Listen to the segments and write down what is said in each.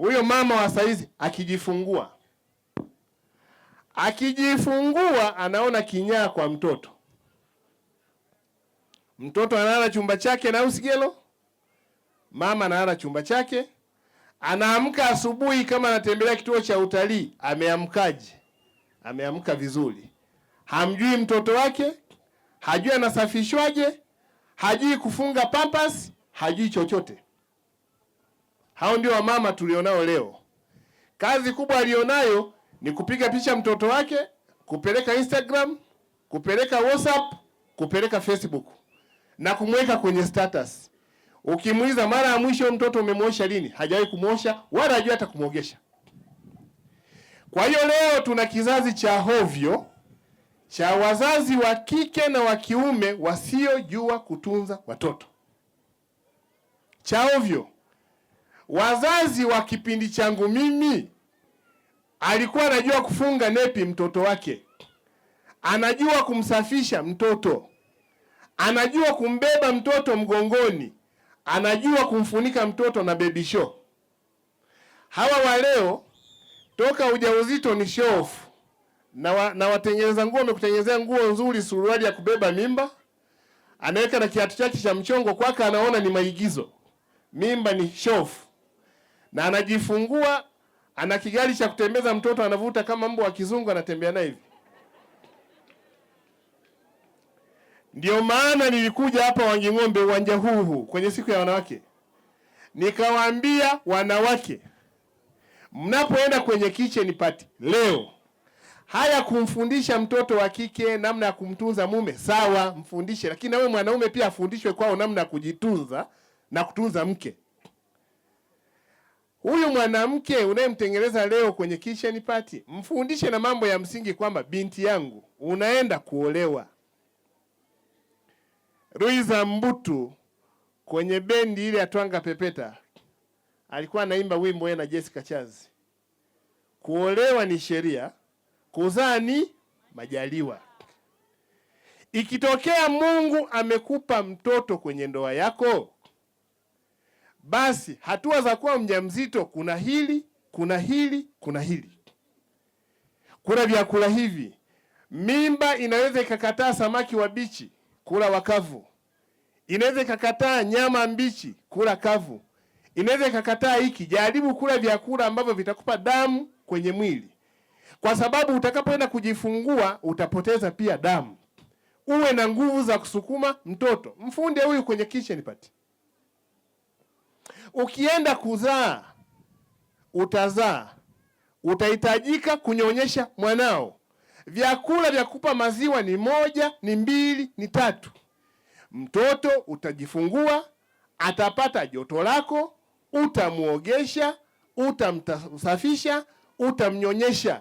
Huyo mama wa saizi akijifungua, akijifungua anaona kinyaa kwa mtoto. Mtoto analala chumba chake na usigelo, mama analala chumba chake. Anaamka asubuhi, kama anatembelea kituo cha utalii, ameamkaje? Ameamka vizuri? Hamjui mtoto wake, hajui anasafishwaje, hajui kufunga pampas, hajui chochote. Hao ndio wamama tulionao leo. Kazi kubwa alionayo ni kupiga picha mtoto wake, kupeleka Instagram, kupeleka WhatsApp, kupeleka Facebook na kumweka kwenye status. Ukimuuliza mara ya mwisho mtoto umemwosha lini, hajawahi kumwosha wala hajui hata kumwogesha. Kwa hiyo leo tuna kizazi cha hovyo cha wazazi wa kike na wa kiume wasiojua kutunza watoto, cha hovyo. Wazazi wa kipindi changu mimi, alikuwa anajua kufunga nepi mtoto wake, anajua kumsafisha mtoto, anajua kumbeba mtoto mgongoni, anajua kumfunika mtoto na baby show. Hawa wa leo toka ujauzito ni show off, na, wa, na watengeneza nguo wamekutengenezea nguo nzuri, suruali ya kubeba mimba, anaweka na kiatu chake cha mchongo kwaka anaona ni maigizo. Mimba ni show off na anajifungua, ana kigali cha kutembeza mtoto, anavuta kama mbwa wa kizungu, anatembea naye hivi. Ndio maana nilikuja hapa Ng'ombe, uwanja huu huu, kwenye siku ya wanawake, nikawaambia wanawake, mnapoenda kwenye kitchen party leo Haya, kumfundisha mtoto wa kike namna ya kumtunza mume sawa, mfundishe, lakini nawe mwanaume pia afundishwe kwao namna ya kujitunza na kutunza mke. Huyu mwanamke unayemtengeneza leo kwenye kitchen party, mfundishe na mambo ya msingi kwamba binti yangu unaenda kuolewa. Ruiza Mbutu kwenye bendi ile atwanga Pepeta alikuwa anaimba wimbo yeye na Jessica Chazi, kuolewa ni sheria, kuzaa ni majaliwa. Ikitokea Mungu amekupa mtoto kwenye ndoa yako basi hatua za kuwa mjamzito, kuna hili, kuna hili, kuna hili, kula vyakula hivi. Mimba inaweza ikakataa samaki wabichi, kula wakavu. Inaweza ikakataa nyama mbichi, kula kavu. Inaweza ikakataa hiki. Jaribu kula vyakula ambavyo vitakupa damu kwenye mwili, kwa sababu utakapoenda kujifungua utapoteza pia damu. Uwe na nguvu za kusukuma mtoto. Mfunde huyu kwenye kitchen party. Ukienda kuzaa, utazaa, utahitajika kunyonyesha mwanao. Vyakula vya kupa maziwa ni moja, ni mbili, ni tatu. Mtoto utajifungua, atapata joto lako, utamwogesha, utamsafisha, utamnyonyesha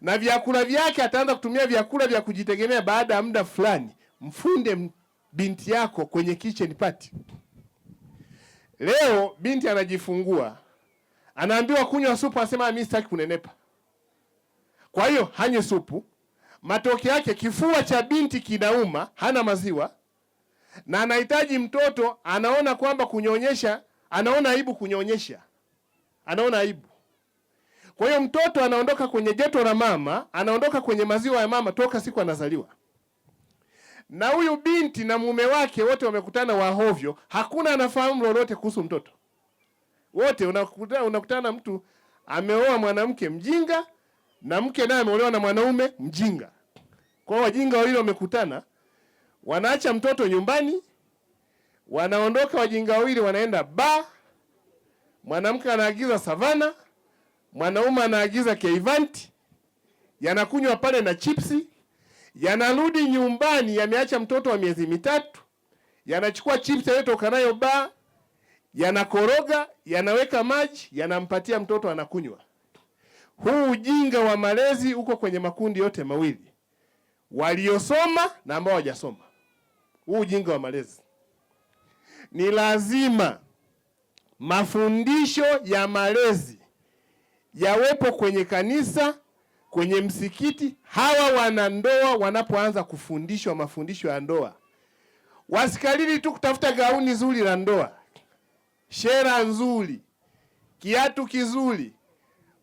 na vyakula vyake ataanza kutumia vyakula vya kujitegemea. Baada ya muda fulani, mfunde binti yako kwenye kitchen party. Leo binti anajifungua, anaambiwa kunywa supu, anasema mimi sitaki kunenepa, kwa hiyo hanywe supu. Matokeo yake kifua cha binti kinauma, hana maziwa na anahitaji mtoto. Anaona kwamba kunyonyesha, anaona aibu kunyonyesha, anaona aibu. Kwa hiyo mtoto anaondoka kwenye joto la mama, anaondoka kwenye maziwa ya mama toka siku anazaliwa na huyu binti na mume wake wote wamekutana wahovyo, hakuna anafahamu lolote kuhusu mtoto. Wote unakutana, unakutana mtu ameoa mwanamke mjinga na mke naye ameolewa na mwanaume mjinga. Kwa wajinga wawili wamekutana, wanaacha mtoto nyumbani, wanaondoka wajinga wawili, wanaenda ba, mwanamke anaagiza Savana, mwanaume anaagiza Keivanti, yanakunywa pale na chipsi yanarudi nyumbani, yameacha mtoto wa miezi mitatu, yanachukua chips aliyotoka nayo ba, yanakoroga, yanaweka maji, yanampatia mtoto anakunywa. Huu ujinga wa malezi uko kwenye makundi yote mawili, waliosoma na ambao hawajasoma. Huu ujinga wa malezi ni lazima mafundisho ya malezi yawepo kwenye kanisa kwenye msikiti. Hawa wanandoa wanapoanza kufundishwa mafundisho ya ndoa, wasikalili tu kutafuta gauni zuri la ndoa, shera nzuri, kiatu kizuri,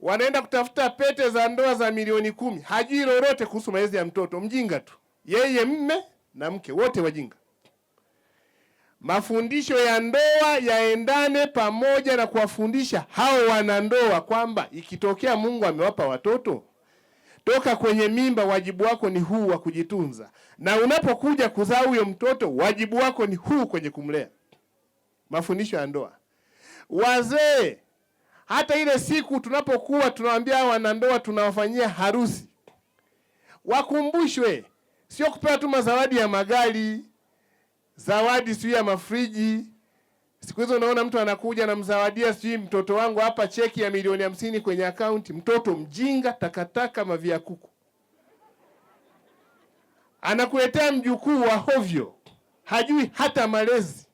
wanaenda kutafuta pete za ndoa za milioni kumi. Hajui lolote kuhusu malezi ya mtoto, mjinga tu yeye, mme na mke wote wajinga. Mafundisho ya ndoa yaendane pamoja na kuwafundisha hao wanandoa kwamba ikitokea Mungu amewapa watoto Toka kwenye mimba, wajibu wako ni huu wa kujitunza, na unapokuja kuzaa huyo mtoto, wajibu wako ni huu kwenye kumlea. Mafundisho ya ndoa. Wazee, hata ile siku tunapokuwa tunawaambia wanandoa, tunawafanyia harusi, wakumbushwe, sio kupewa tu mazawadi ya magari, zawadi sio ya mafriji Siku hizo unaona mtu anakuja namzawadia sijui mtoto wangu hapa cheki ya milioni hamsini kwenye akaunti. Mtoto mjinga, takataka, mavia kuku, anakuletea mjukuu wa hovyo, hajui hata malezi,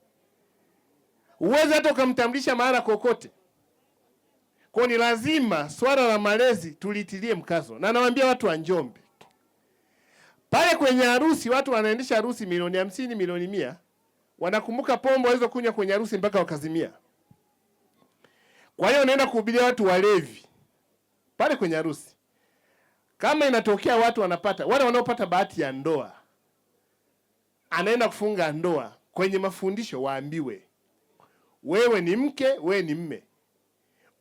uwezi hata ukamtambulisha mahala kokote. Kwa ni lazima swala la malezi tulitilie mkazo, na nawaambia watu wa Njombe pale kwenye harusi, watu wanaendesha harusi milioni hamsini, milioni mia wanakumbuka pombe walizokunywa kwenye harusi mpaka wakazimia. Kwa hiyo wanaenda kuhubiria watu walevi pale kwenye harusi. Kama inatokea watu wanapata, wale wanaopata bahati ya ndoa, anaenda kufunga ndoa, kwenye mafundisho waambiwe, wewe ni mke, wewe ni mme.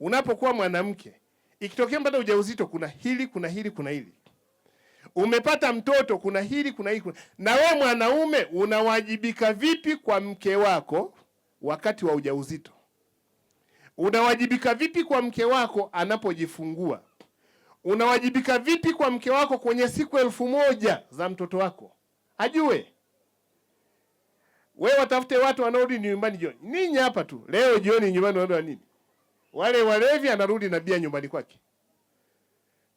Unapokuwa mwanamke, ikitokea mpata ujauzito, kuna hili, kuna hili, kuna hili umepata mtoto, kuna hili kuna hili, kuna na wewe mwanaume unawajibika vipi kwa mke wako wakati wa ujauzito? Unawajibika vipi kwa mke wako anapojifungua? Unawajibika vipi kwa mke wako kwenye siku elfu moja za mtoto wako? Ajue we, watafute watu wanaorudi nyumbani jioni. Ninyi hapa tu leo jioni nyumbani wanaenda nini? Wale walevi, anarudi na bia nyumbani kwake.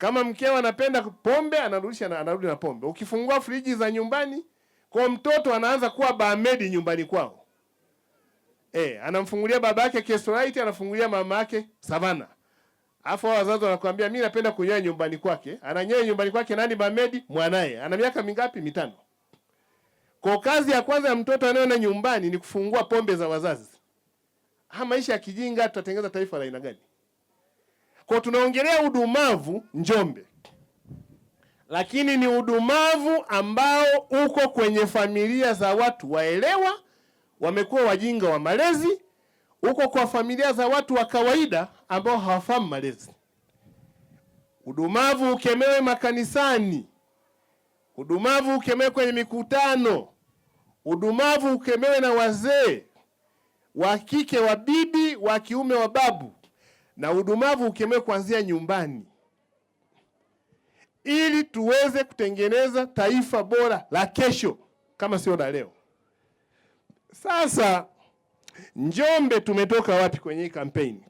Kama mkeo anapenda pombe anarudisha anarudi na pombe. Ukifungua friji za nyumbani kwa mtoto anaanza kuwa barmedi nyumbani kwao. Eh, anamfungulia baba yake Kestrite, anafungulia mama yake Savana. Alafu wazazi wanakuambia mimi napenda kunyoa nyumbani kwake. Ananyoa nyumbani kwake nani barmedi? Mwanaye. Ana miaka mingapi? Mitano. Kwa kazi ya kwanza ya mtoto anayeona nyumbani ni kufungua pombe za wazazi. Ha, ah, maisha ya kijinga tutatengeneza taifa la aina gani? Kwa tunaongelea udumavu Njombe, lakini ni udumavu ambao uko kwenye familia za watu waelewa, wamekuwa wajinga wa malezi, uko kwa familia za watu wa kawaida ambao hawafahamu malezi. Udumavu ukemewe makanisani, udumavu ukemewe kwenye mikutano, udumavu ukemewe na wazee wa kike wa bibi, wa kiume wa babu na udumavu ukemewe kuanzia nyumbani, ili tuweze kutengeneza taifa bora la kesho, kama sio la leo. Sasa Njombe tumetoka wapi kwenye hii kampeni?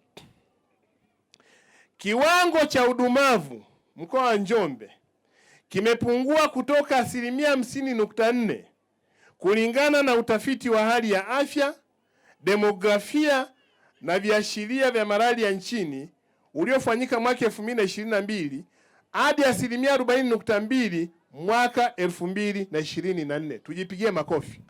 Kiwango cha udumavu mkoa wa Njombe kimepungua kutoka asilimia hamsini nukta nne kulingana na utafiti wa hali ya afya, demografia na viashiria vya malaria nchini uliofanyika mwaka 2022 hadi asilimia 40.2 mwaka 2024. Tujipigie makofi.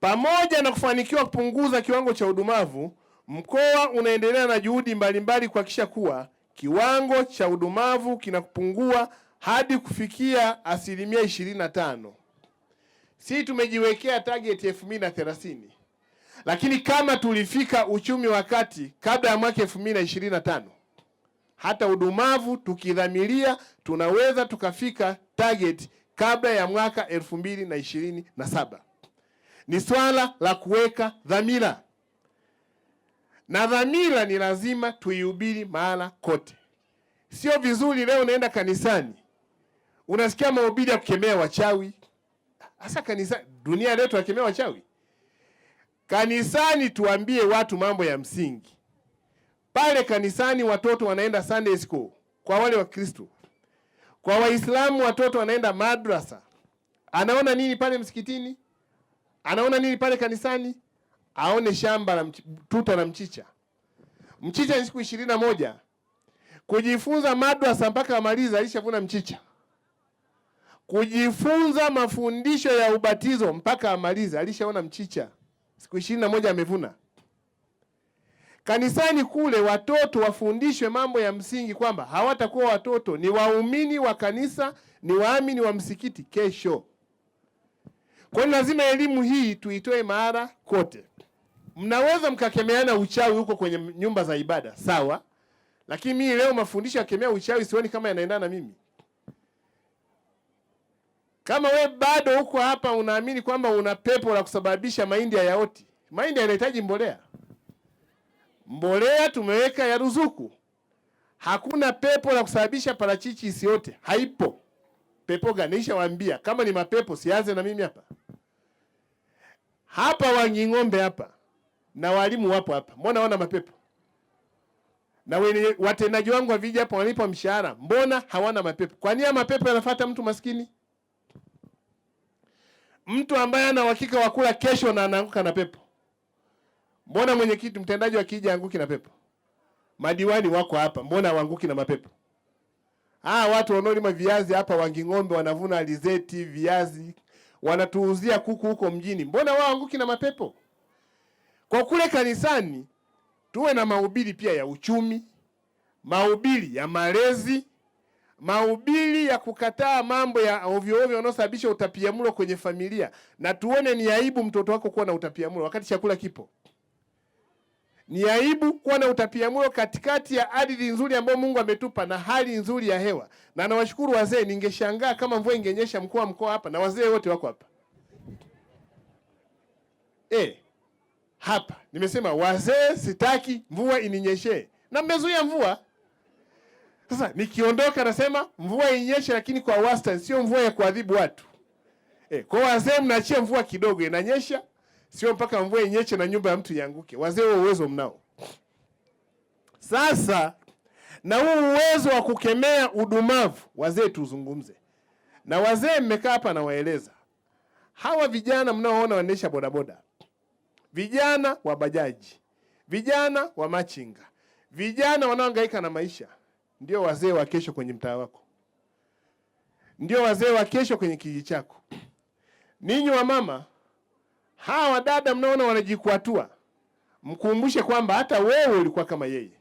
Pamoja na kufanikiwa kupunguza kiwango cha udumavu, mkoa unaendelea na juhudi mbalimbali kuhakikisha kuwa kiwango cha udumavu kinapungua hadi kufikia asilimia 25. Si tumejiwekea target elfu mbili na thelathini. Lakini kama tulifika uchumi wa kati kabla ya mwaka tano hata udumavu tukidhamiria, tunaweza tukafika target kabla ya mwaka saba Ni swala la kuweka dhamira, na dhamira ni lazima tuihubiri mahala kote. Sio vizuri leo unaenda kanisani unasikia mahubiri ya kukemea wachawi, hasa kanisa. Dunia leo tunakemea wachawi Kanisani tuambie watu mambo ya msingi. Pale kanisani watoto wanaenda Sunday school kwa wale wa Kristo. Kwa Waislamu watoto wanaenda madrasa. Anaona nini pale msikitini? Anaona nini pale kanisani? Aone shamba la tuta na mchicha. Mchicha ni siku ishirini na moja. Kujifunza madrasa mpaka amaliza alishavuna mchicha. Kujifunza mafundisho ya ubatizo mpaka amaliza alishaona mchicha siku ishirini na moja amevuna. Kanisani kule watoto wafundishwe mambo ya msingi, kwamba hawatakuwa watoto, ni waumini wa kanisa, ni waamini wa msikiti kesho. Kwa hiyo lazima elimu hii tuitoe mahara kote. Mnaweza mkakemeana uchawi huko kwenye nyumba za ibada, sawa, lakini mimi leo mafundisho ya kemea uchawi sioni kama yanaendana na mimi. Kama we bado huko hapa unaamini kwamba una pepo la kusababisha mahindi hayaoti, mahindi yanahitaji mbolea. Mbolea tumeweka ya ruzuku. Hakuna pepo la kusababisha parachichi isiote, haipo. Pepo gani? Nishawaambia kama ni mapepo sianze na mimi hapa hapa. Wangi ng'ombe hapa na walimu wapo hapa, mbona wana mapepo? Na watendaji wangu wa vijiji hapa wanalipa mshahara, mbona hawana mapepo? Kwa nini mapepo yanafuata mtu maskini? Mtu ambaye ana uhakika wa kula kesho na anaanguka na pepo, mbona mwenyekiti, mtendaji wa kijiji anguki na pepo? Madiwani wako hapa, mbona waanguki na mapepo? Ah, watu wanaolima viazi hapa Wanging'ombe, wanavuna alizeti, viazi wanatuuzia kuku huko mjini, mbona wao waanguki na mapepo? Kwa kule kanisani tuwe na mahubiri pia ya uchumi, mahubiri ya malezi mahubiri ya kukataa mambo ya ovyo ovyo yanayosababisha utapiamlo kwenye familia, na tuone ni aibu mtoto wako kuwa na utapiamlo wakati chakula kipo. Ni aibu kuwa na utapiamlo katikati ya ardhi nzuri ambayo Mungu ametupa na hali nzuri ya hewa. Na nawashukuru wazee, ningeshangaa kama mvua ingenyesha mkoa mkoa hapa, na wazee wote wako hapa eh, hapa nimesema wazee, sitaki mvua ininyeshee, na mmezuia mvua sasa nikiondoka nasema mvua inyeshe, lakini kwa wastani, sio mvua ya kuadhibu watu eh. Kwa wazee mnaachia mvua kidogo inanyesha, sio mpaka mvua inyeshe na nyumba ya mtu ianguke. Wazee wao uwezo mnao. Sasa na huu uwezo wa kukemea udumavu, wazee tuzungumze na wazee. Mmekaa hapa, nawaeleza hawa vijana mnaoona wanaendesha bodaboda, vijana wa bajaji, vijana wa machinga, vijana wanaohangaika na maisha ndio wazee wa kesho kwenye mtaa wako, ndio wazee wa kesho kwenye kijiji chako. Ninyi wa mama, hawa wadada mnaona wanajikwatua, mkumbushe kwamba hata wewe ulikuwa kama yeye.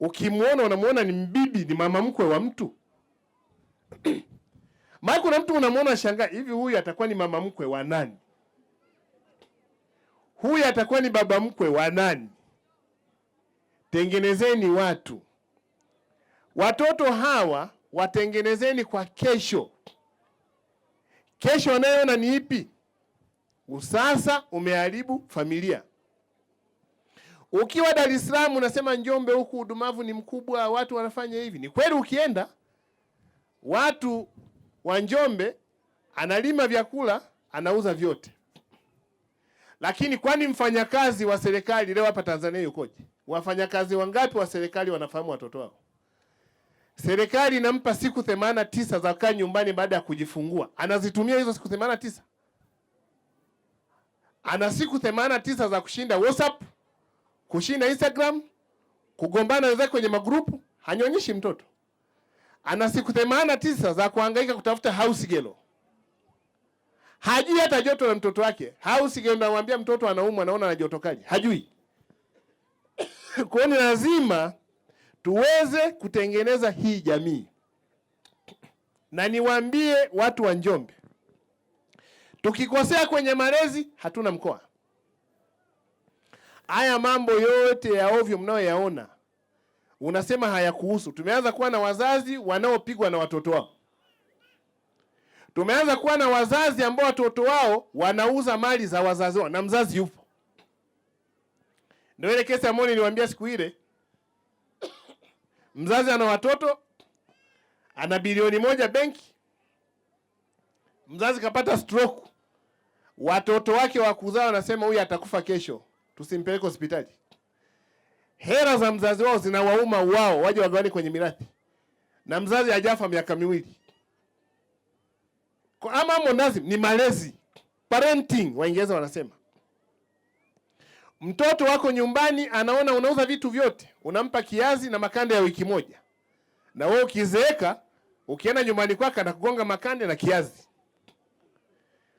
Ukimwona unamwona ni mbibi, ni mama mkwe wa mtu maana kuna mtu unamwona shangaa hivi, huyu atakuwa ni mama mkwe wa nani? Huyu atakuwa ni baba mkwe wa nani? Tengenezeni watu Watoto hawa watengenezeni kwa kesho. Kesho wanayoona ni ipi? Usasa umeharibu familia. Ukiwa Dar es Salaam unasema Njombe huku udumavu ni mkubwa, watu wanafanya hivi. Ni kweli, ukienda watu wa Njombe analima vyakula anauza vyote, lakini kwani mfanyakazi wa serikali leo hapa Tanzania yukoje? Wafanyakazi wangapi wa serikali wanafahamu watoto wao? serikali inampa siku themanini tisa za kukaa nyumbani baada ya kujifungua, anazitumia hizo siku themanini tisa. Ana siku themanini tisa za kushinda WhatsApp, kushinda Instagram, kugombana wenzake kwenye magrupu, hanyonyeshi mtoto. Ana siku themanini tisa za kuhangaika kutafuta house girl, hajui hata joto la mtoto wake. House girl namwambia mtoto anaumwa, anaona na joto kali, hajui kuoni lazima tuweze kutengeneza hii jamii. Na niwaambie watu wa Njombe, tukikosea kwenye malezi hatuna mkoa. Haya mambo yote ya ovyo mnayoyaona unasema hayakuhusu. Tumeanza kuwa na wazazi wanaopigwa na watoto wao. Tumeanza kuwa na wazazi ambao watoto wao wanauza mali za wazazi wao na mzazi yupo. Ndio ile kesi ambayo niliwaambia siku ile Mzazi ana watoto, ana bilioni moja benki. Mzazi kapata stroke, watoto wake wa kuzaa wanasema huyu atakufa kesho, tusimpeleke hospitali. Hera za mzazi wao zinawauma wao, waje wagawane kwenye mirathi, na mzazi hajafa miaka miwili. Kwa ama mondazi ni malezi, parenting Waingereza wanasema Mtoto wako nyumbani anaona unauza vitu vyote, unampa kiazi na makande ya wiki moja, na wewe ukizeeka, ukienda nyumbani kwake anakugonga makande na kiazi.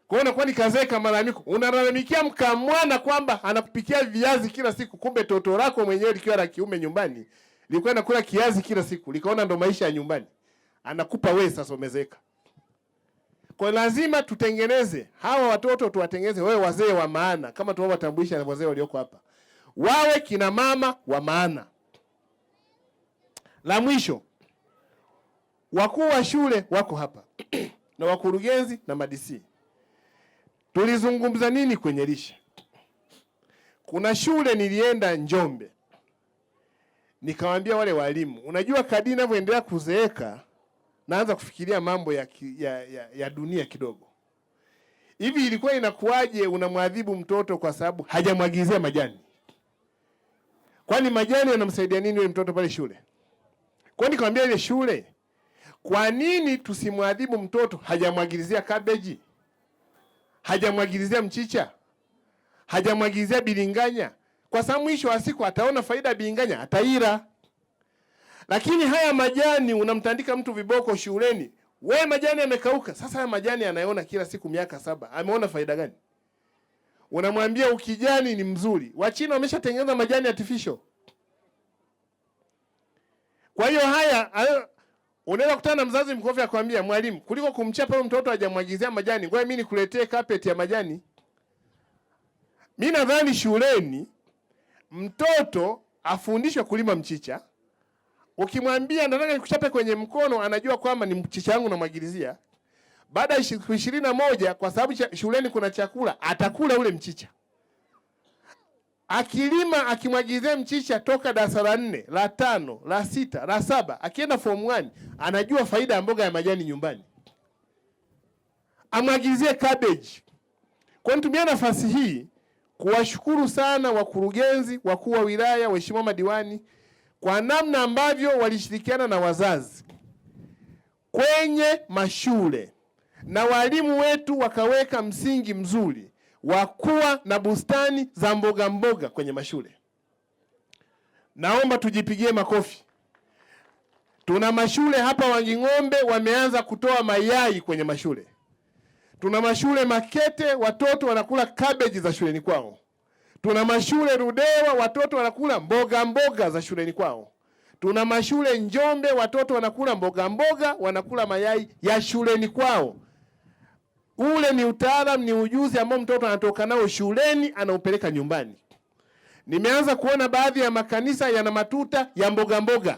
Kwa hiyo unakuwa ni kazeeka malalamiko, unalalamikia mkamwana kwamba anakupikia viazi kila siku, kumbe toto lako mwenyewe likiwa la kiume nyumbani lilikuwa nakula kiazi kila siku, likaona ndo maisha ya nyumbani, anakupa wewe sasa, umezeeka. Kwa lazima tutengeneze hawa watoto, tuwatengeneze wawe wazee wa maana, kama tunavyowatambulisha wazee walioko hapa, wawe kina mama wa maana. La mwisho, wakuu wa shule wako hapa na wakurugenzi na madisi. Tulizungumza nini kwenye lishe? Kuna shule nilienda Njombe, nikawaambia wale walimu, unajua kadri inavyoendelea kuzeeka naanza kufikiria mambo ya, ki, ya, ya, ya dunia kidogo. Hivi ilikuwa inakuwaje unamwadhibu mtoto kwa sababu hajamwagizia majani? Kwani majani yanamsaidia nini yule mtoto pale shule? Kwa nikamwambia ile shule, kwa nini tusimwadhibu mtoto hajamwagilizia kabeji, hajamwagilizia mchicha, hajamwagilizia bilinganya? Kwa sababu mwisho wa siku ataona faida ya bilinganya, ataira. Lakini haya majani unamtandika mtu viboko shuleni, we majani yamekauka. Sasa haya majani anayona kila siku miaka saba, ameona faida gani? Unamwambia ukijani ni mzuri. Wachina wameshatengeneza majani artificial. Kwa hiyo haya unaweza kutana na mzazi mkofi akwambia, mwalimu, kuliko kumchapa mtoto hajamwagizia majani, ngoja mimi nikuletee carpet ya majani. Mimi nadhani shuleni mtoto afundishwe kulima mchicha Ukimwambia nataka nikuchape kwenye mkono, anajua kwamba ni mchicha wangu namwagilizia. Baada ya siku ishirini na moja, kwa sababu shuleni kuna chakula, atakula ule mchicha. Akilima akimwagilizia mchicha toka darasa la nne, la tano, la sita, la saba, akienda form 1 anajua faida ya mboga ya majani nyumbani, amwagilizie cabbage. Kwa nitumia nafasi hii kuwashukuru sana wakurugenzi, wakuu wa wilaya, waheshimiwa madiwani kwa namna ambavyo walishirikiana na wazazi kwenye mashule na walimu wetu wakaweka msingi mzuri wa kuwa na bustani za mboga mboga kwenye mashule. Naomba tujipigie makofi. Tuna mashule hapa Wanging'ombe wameanza kutoa mayai kwenye mashule. Tuna mashule Makete watoto wanakula kabeji za shuleni kwao. Tuna mashule rudewa watoto wanakula mboga mboga za shuleni kwao. Tuna mashule Njombe, watoto wanakula mboga mboga, wanakula mayai ya shuleni kwao. Ule ni utaalam, ni ujuzi ambao mtoto anatoka nao shuleni anaupeleka nyumbani. Nimeanza kuona baadhi ya makanisa yana matuta ya mboga mboga.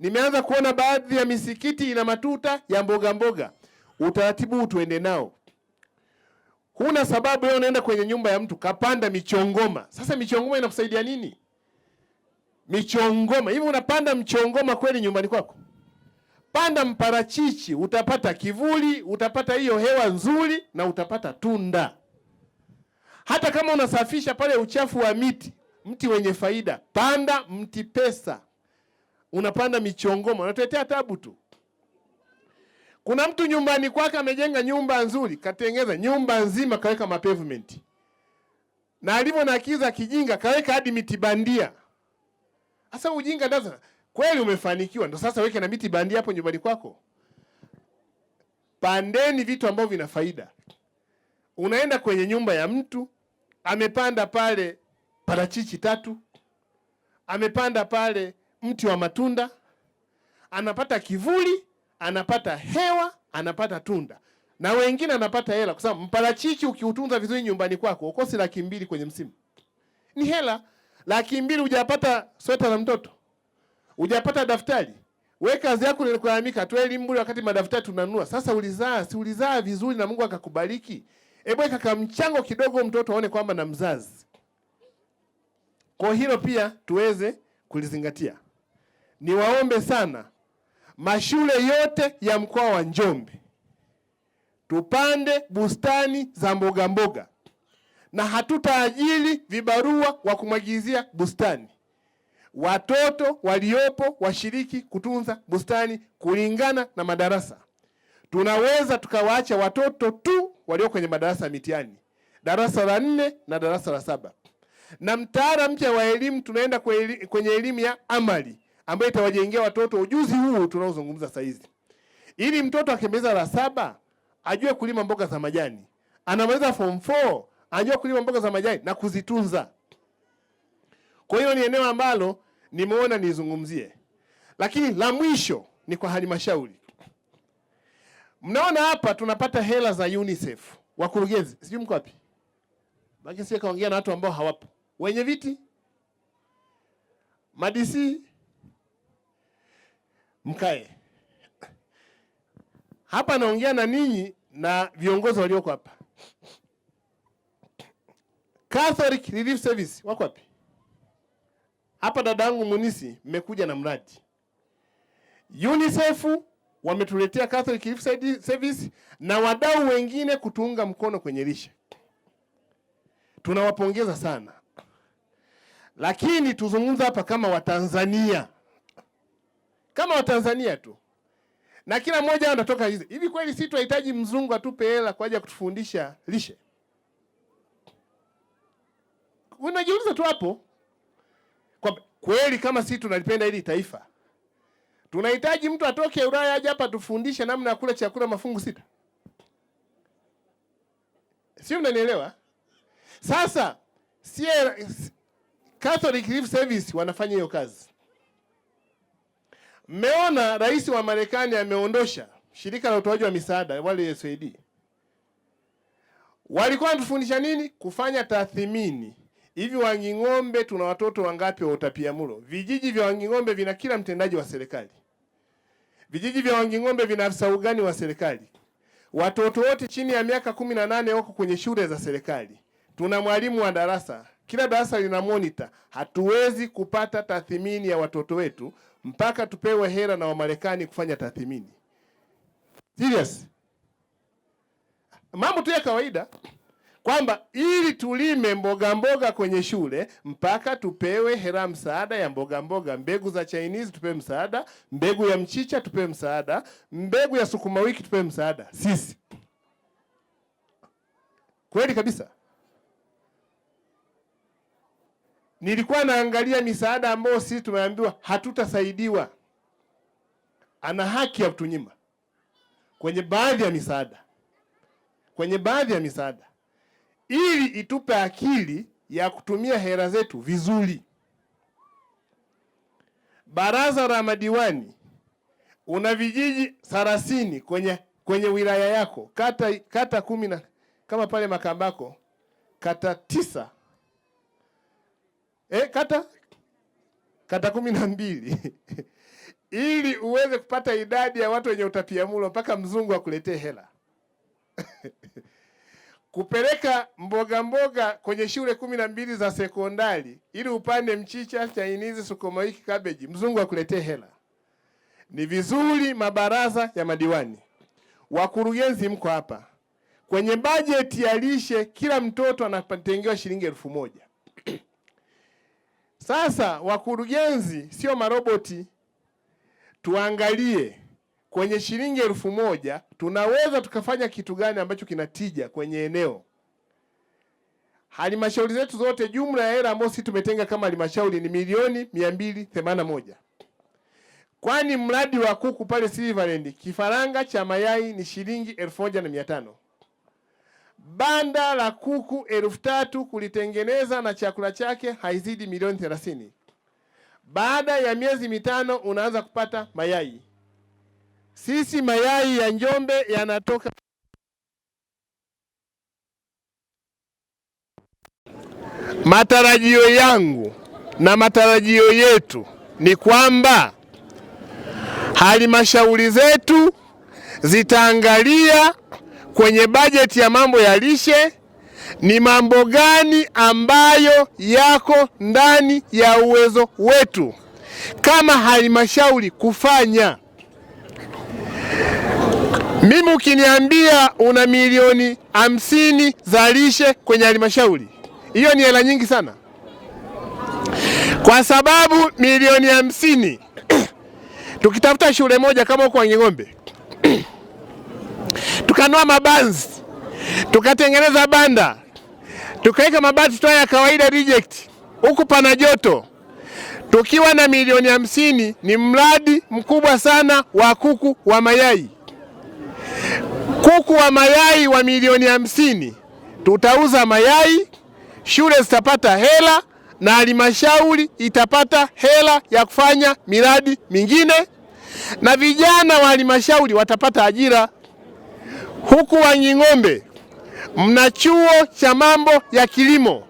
Nimeanza kuona baadhi ya misikiti ina matuta ya mboga mboga. Utaratibu huu tuende nao. Huna sababu leo unaenda kwenye nyumba ya mtu kapanda michongoma. Sasa michongoma inakusaidia nini? Michongoma hivi, unapanda mchongoma kweli nyumbani kwako? Panda mparachichi, utapata kivuli, utapata hiyo hewa nzuri na utapata tunda. Hata kama unasafisha pale uchafu wa miti, mti wenye faida, panda mti pesa. Unapanda michongoma, unatetea tabu tu. Kuna mtu nyumbani kwake amejenga nyumba nzuri, katengeza nyumba nzima, kaweka mapavement na alivyo na akili kijinga kaweka hadi miti bandia. Sasa ujinga ndaza kweli umefanikiwa, ndo sasa weke na miti bandia hapo nyumbani kwako. Pandeni vitu ambavyo vina faida. Unaenda kwenye nyumba ya mtu amepanda pale parachichi tatu, amepanda pale mti wa matunda, anapata kivuli anapata hewa, anapata tunda na wengine anapata hela, kwa sababu mparachichi ukiutunza vizuri nyumbani kwako ukosi laki mbili kwenye msimu, ni hela. Laki mbili hujapata sweta la mtoto, hujapata daftari. We kazi yako ni kulalamika tu, elimu bure, wakati madaftari tunanunua. Sasa ulizaa, si ulizaa vizuri na Mungu akakubariki? Hebu kaka mchango kidogo, mtoto aone kwamba na mzazi. Kwa hilo pia tuweze kulizingatia. Niwaombe sana mashule yote ya mkoa wa Njombe tupande bustani za mboga mboga, na hatutaajili vibarua wa kumwagizia bustani. Watoto waliopo washiriki kutunza bustani kulingana na madarasa. Tunaweza tukawaacha watoto tu walio kwenye madarasa ya mitihani, darasa la nne na darasa la saba, na mtaala mpya wa elimu tunaenda kwenye elimu ya amali ambayo itawajengea watoto ujuzi huu tunaozungumza sasa hizi, ili mtoto akimaliza la saba ajue kulima mboga za majani, anamaliza form 4 ajue kulima mboga za majani na kuzitunza. Kwa hiyo ni eneo ambalo nimeona nizungumzie, lakini la mwisho ni kwa halmashauri. Mnaona hapa tunapata hela za UNICEF, wakurugenzi sijui mko wapi, lakini sikaongea na watu ambao hawapo, wenye viti madisi mkae. Hapa naongea na ninyi na viongozi walioko hapa. Catholic Relief Service wako wapi? Hapa dadangu Munisi, mmekuja na mradi. UNICEF wametuletea Catholic Relief Service na wadau wengine kutuunga mkono kwenye lishe, tunawapongeza sana, lakini tuzungumza hapa kama Watanzania kama Watanzania tu, na kila mmoja anatoka hizi hivi. Kweli si tunahitaji mzungu atupe hela kwa ajili ya kutufundisha lishe? Unajiuliza tu hapo kwa kweli, kama si tunalipenda hili taifa, tunahitaji mtu atoke Ulaya aje hapa tufundishe namna ya kula chakula mafungu sita? Sio, mnanielewa? Sasa si Catholic Relief Service wanafanya hiyo kazi Mmeona rais wa Marekani ameondosha shirika la utoaji wa misaada wale USAID. Walikuwa wanatufundisha nini? Kufanya tathmini. Hivi Wanging'ombe tuna watoto wangapi wa utapiamlo? Vijiji vya Wanging'ombe vina kila mtendaji wa serikali. Vijiji vya Wanging'ombe vina afisa ugani wa serikali. Watoto wote chini ya miaka kumi na nane wako kwenye shule za serikali. Tuna mwalimu wa darasa, kila darasa lina monitor. Hatuwezi kupata tathmini ya watoto wetu mpaka tupewe hela na Wamarekani kufanya tathmini serious. Mambo tu ya kawaida kwamba ili tulime mboga mboga kwenye shule mpaka tupewe hela msaada ya mboga mboga, mbegu za Chinese tupewe msaada, mbegu ya mchicha tupewe msaada, mbegu ya sukuma wiki tupewe msaada. Sisi kweli kabisa. Nilikuwa naangalia misaada ambayo sisi tumeambiwa hatutasaidiwa, ana haki ya kutunyima kwenye baadhi ya misaada, kwenye baadhi ya misaada, ili itupe akili ya kutumia hela zetu vizuri. Baraza la madiwani, una vijiji thelathini kwenye kwenye wilaya yako, kata kata kumi na kama pale Makambako kata tisa eh, kata kata kumi na mbili ili uweze kupata idadi ya watu wenye utapia mulo mpaka mzungu akuletee hela kupeleka mboga mboga kwenye shule kumi na mbili za sekondari ili upande mchicha, chainizi, sukuma wiki, kabeji, mzungu akuletee hela. Ni vizuri mabaraza ya madiwani, wakurugenzi, mko hapa kwenye bajeti ya lishe, kila mtoto anatengewa shilingi elfu moja Sasa wakurugenzi sio maroboti, tuangalie kwenye shilingi elfu moja tunaweza tukafanya kitu gani ambacho kinatija kwenye eneo. Halmashauri zetu zote, jumla ya hela ambayo sisi tumetenga kama halmashauri ni milioni moja. Kwani mradi wa kuku pale Silverland kifaranga cha mayai ni shilingi elfu moja na mia tano banda la kuku elfu tatu kulitengeneza na chakula chake haizidi milioni thelathini. Baada ya miezi mitano unaanza kupata mayai. Sisi mayai ya Njombe yanatoka Matarajio yangu na matarajio yetu ni kwamba halmashauri zetu zitaangalia kwenye bajeti ya mambo ya lishe ni mambo gani ambayo yako ndani ya uwezo wetu kama halmashauri kufanya. Mimi ukiniambia una milioni hamsini za lishe kwenye halmashauri, hiyo ni hela nyingi sana, kwa sababu milioni hamsini tukitafuta shule moja kama huko Wanging'ombe tukanoa mabanzi, tukatengeneza banda, tukaweka mabati tu ya kawaida reject, huku pana joto tukiwa na milioni hamsini ni mradi mkubwa sana wa kuku wa mayai. Kuku wa mayai wa milioni hamsini tutauza mayai, shule zitapata hela na halmashauri itapata hela ya kufanya miradi mingine, na vijana wa halmashauri watapata ajira. Huku Wanging'ombe mna chuo cha mambo ya kilimo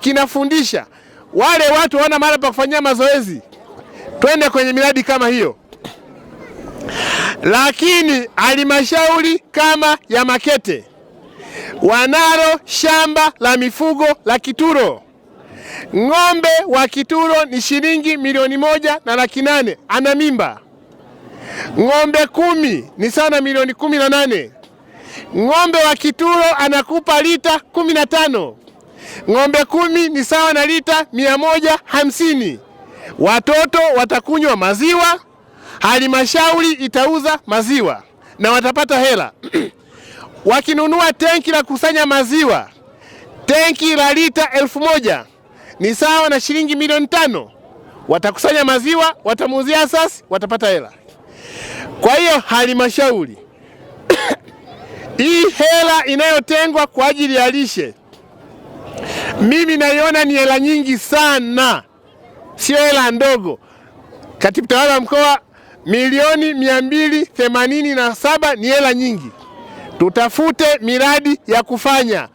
kinafundisha wale watu wana mahali pa kufanyia mazoezi, twende kwenye miradi kama hiyo. Lakini halmashauri kama ya Makete wanalo shamba la mifugo la Kituro. Ng'ombe wa Kituro ni shilingi milioni moja na laki nane. Ana mimba ng'ombe kumi ni sana milioni kumi na nane ng'ombe wa kitulo anakupa lita kumi na tano. Ng'ombe kumi ni sawa na lita mia moja hamsini. Watoto watakunywa maziwa, halmashauri itauza maziwa na watapata hela wakinunua tenki la kusanya maziwa, tenki la lita elfu moja ni sawa na shilingi milioni tano. Watakusanya maziwa, watamuuzia asasi, watapata hela. Kwa hiyo halmashauri hii hela inayotengwa kwa ajili ya lishe mimi naiona ni hela nyingi sana, sio hela ndogo. Katibu tawala wa mkoa, milioni mia mbili themanini na saba ni hela nyingi. Tutafute miradi ya kufanya.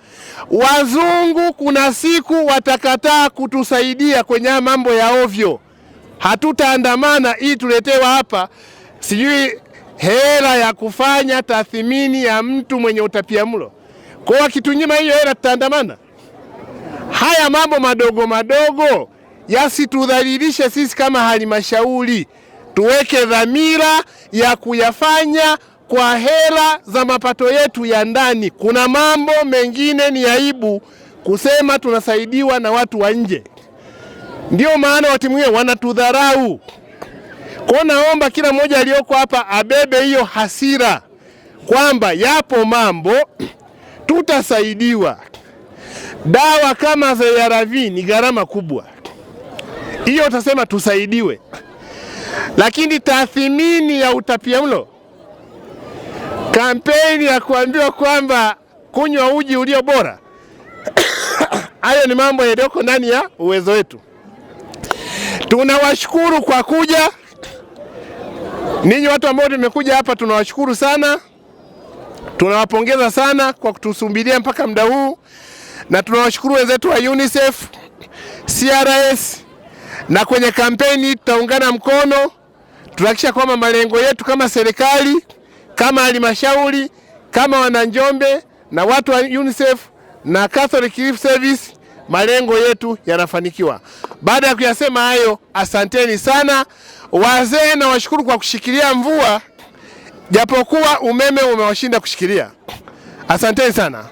Wazungu kuna siku watakataa kutusaidia kwenye mambo ya ovyo. Hatutaandamana ili tuletewa hapa sijui hela ya kufanya tathmini ya mtu mwenye utapiamlo. Kwa hiyo akitunyima hiyo hela tutaandamana. Haya mambo madogo madogo yasitudhalilishe sisi kama halmashauri, tuweke dhamira ya kuyafanya kwa hela za mapato yetu ya ndani. Kuna mambo mengine ni aibu kusema tunasaidiwa na watu wa nje, ndio maana watu wanatudharau. Kwa naomba kila mmoja aliyoko hapa abebe hiyo hasira kwamba yapo mambo tutasaidiwa. Dawa kama za ARV ni gharama kubwa, hiyo utasema tusaidiwe, lakini tathmini ya utapiamlo, kampeni ya kuambiwa kwamba kunywa uji ulio bora hayo ni mambo yaliyoko ndani ya uwezo wetu. Tunawashukuru kwa kuja. Ninyi watu ambao tumekuja hapa tunawashukuru sana, tunawapongeza sana kwa kutusubiria mpaka muda huu, na tunawashukuru wenzetu wa UNICEF, CRS na kwenye kampeni tutaungana mkono, tutahakikisha kwamba malengo yetu kama serikali, kama halmashauri, kama wananjombe na watu wa UNICEF na Catholic Relief Service malengo yetu yanafanikiwa. Baada ya kuyasema hayo, asanteni sana. Wazee na washukuru kwa kushikilia mvua, japokuwa umeme umewashinda kushikilia. Asanteni sana.